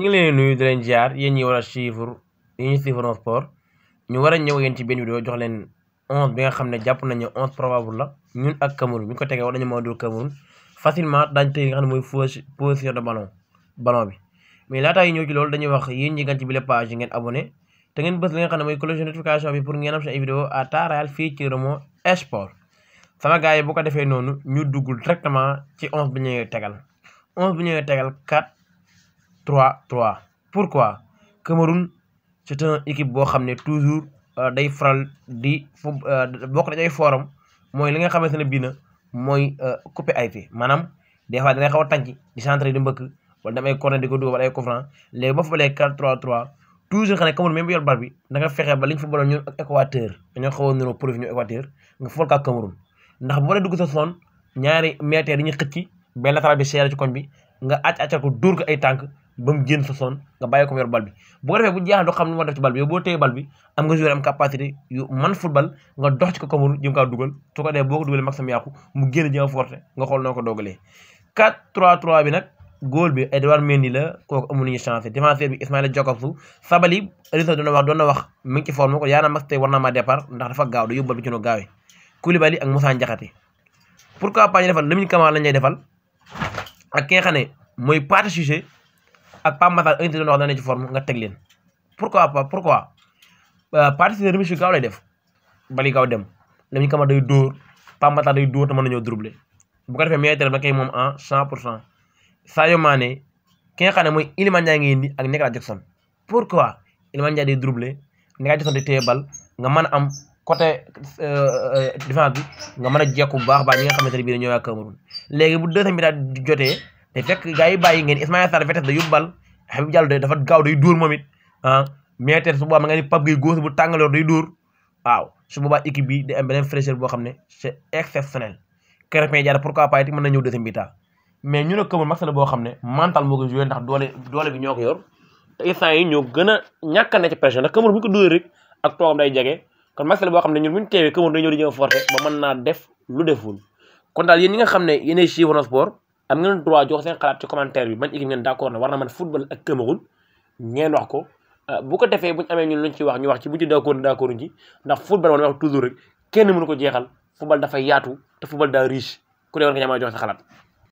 ñu ngi leen nuyu di leen jaar yéen ñi war a suivre yéen ñi suivre Sen Sport ñu war a ñëw yéen ci benn vidéo jox leen onze bi nga xam ne jàpp nañu onze probable la ñun ak Cameroun bi ñu ko tegee war nañu mën a dóor Cameroun facilement daañu tey li nga xam ne mooy fausse position de ballon ballon bi mais laataa yi ñëw ci loolu dañuy wax yéen ñi gan ci bile page ngeen abonné te ngeen bës li nga xam ne mooy cloche notification bi pour ngeen am seen vidéo à temps fii ci Remo Sport sama gars yi bu ko defee noonu ñu dugg directement ci onze bi ñu tegal onze bi ñu tegal kat 3 pour pourquoi Cameroun c'est un équipe boo xam ne toujours euh, day faral di fu euh, bokk dañuy forum mooy li nga xamante ne bii na mooy euh, coupé ay pied maanaam des fois dangay xaw a tànc di centre di mbëkk wala damay corner di ko dugg wala ay coup franc léegi boo footballee 4 3 3 toujours xam bi da nga fexe ba li ñu footballoon ñun ak Équateur dañoo xaw a niroo profil ñu Équateur nga football kaa Cameroun ndax boo dee dugg sa zone ñaari meeteer yi ñu xëcc benn latéral bi seere ci koñ bi nga acc accal ko dóor ko ay tànk ba mu génn sa zone nga bàyyi ko mu yor bal bi bu ko defee bu jeexal doo xam ne ma def ci bal bi yow boo téye bal bi am nga joueur am capacité yu man football nga dox ci ko comme jëm kaa dugal su ko dee boo ko dugalee maximum yàqu mu génn jëm forte nga xool noo ko dogalee 4 3 3 bi nag góol bi Edouard Mendy la kooku amuñu chance défenseur bi Ismaïla Jakobs Sabaly Alioune doon na wax doon na wax mi ngi ci forme ko yaa na mas tey war naa maa départ ndax dafa gaaw da yóbbal bi ci no gaawee Koulibaly ak Moussa Ndiakhaté pourquoi pas ñu defal Lamine Camara lañ lay defal ak ki nga xam ne mooy Pathé Ciss ak Pape Matar unité doon wax dana ci forme nga teg leen pourquoi pas pourquoi euh, partie de remise bi gaaw lay def bali gaaw dem Lamine Camara day dóor Pape Matar day dóor te mën nañoo dribble bu ko defee meilleur terrain ba moom en cent pour cent Sadio Mané ki nga xam ne mooy Iliman Ndiaye ngay indi ak Nicolas Jackson pourquoi Iliman Ndiaye day dribble Nicolas Jackson day téye bal nga mën a am côté euh, euh, défense bi nga man a jekku bu baax baax ñi nga xamante ne bii dañoo waa Cameroun léegi bu deuxième bi daal jotee te fekk gars yi bàyyi ngeen Ismaïla Sarr vitesse da yóbbal Habib Diallo dafa gaaw day dóor moom it ah mais te su boobaa ma nga ni Pape Gueye góos bu tàngaloor day dóor waaw su boobaa équipe bi day am beneen fraîcheur boo xam ne c'est exceptionnel Krépin Diatta na ñëw deuxième bi mais ñu ne Kër Max boo xam ne mental moo ko joué ndax doole bi ñoo ko yor te yi ñoo gën a ñàkk na ci pression ndax Kër bu ko dóoree rek ak toogam day jege kon Max la boo xam ne ñun bu ñu teewee Kër day ñëw di ñëw forcé ba mën def lu deful kon daal yéen ñi nga xam ne yéenay suivre sport am ngeen droit jox seen xalaat ci commentaire bi man équipe ngeen d'accord na war na mën football ak Cameroun ngeen wax ko euh, bu ko defee buñ amee ñun luñ ci wax ñu wax ci bu ci d'accord d'accord ci ndax football man wax toujours rek kenn mënu ko jeexal football dafa yaatu te football daa riche ku ne war nga ñaama jox sa xalaat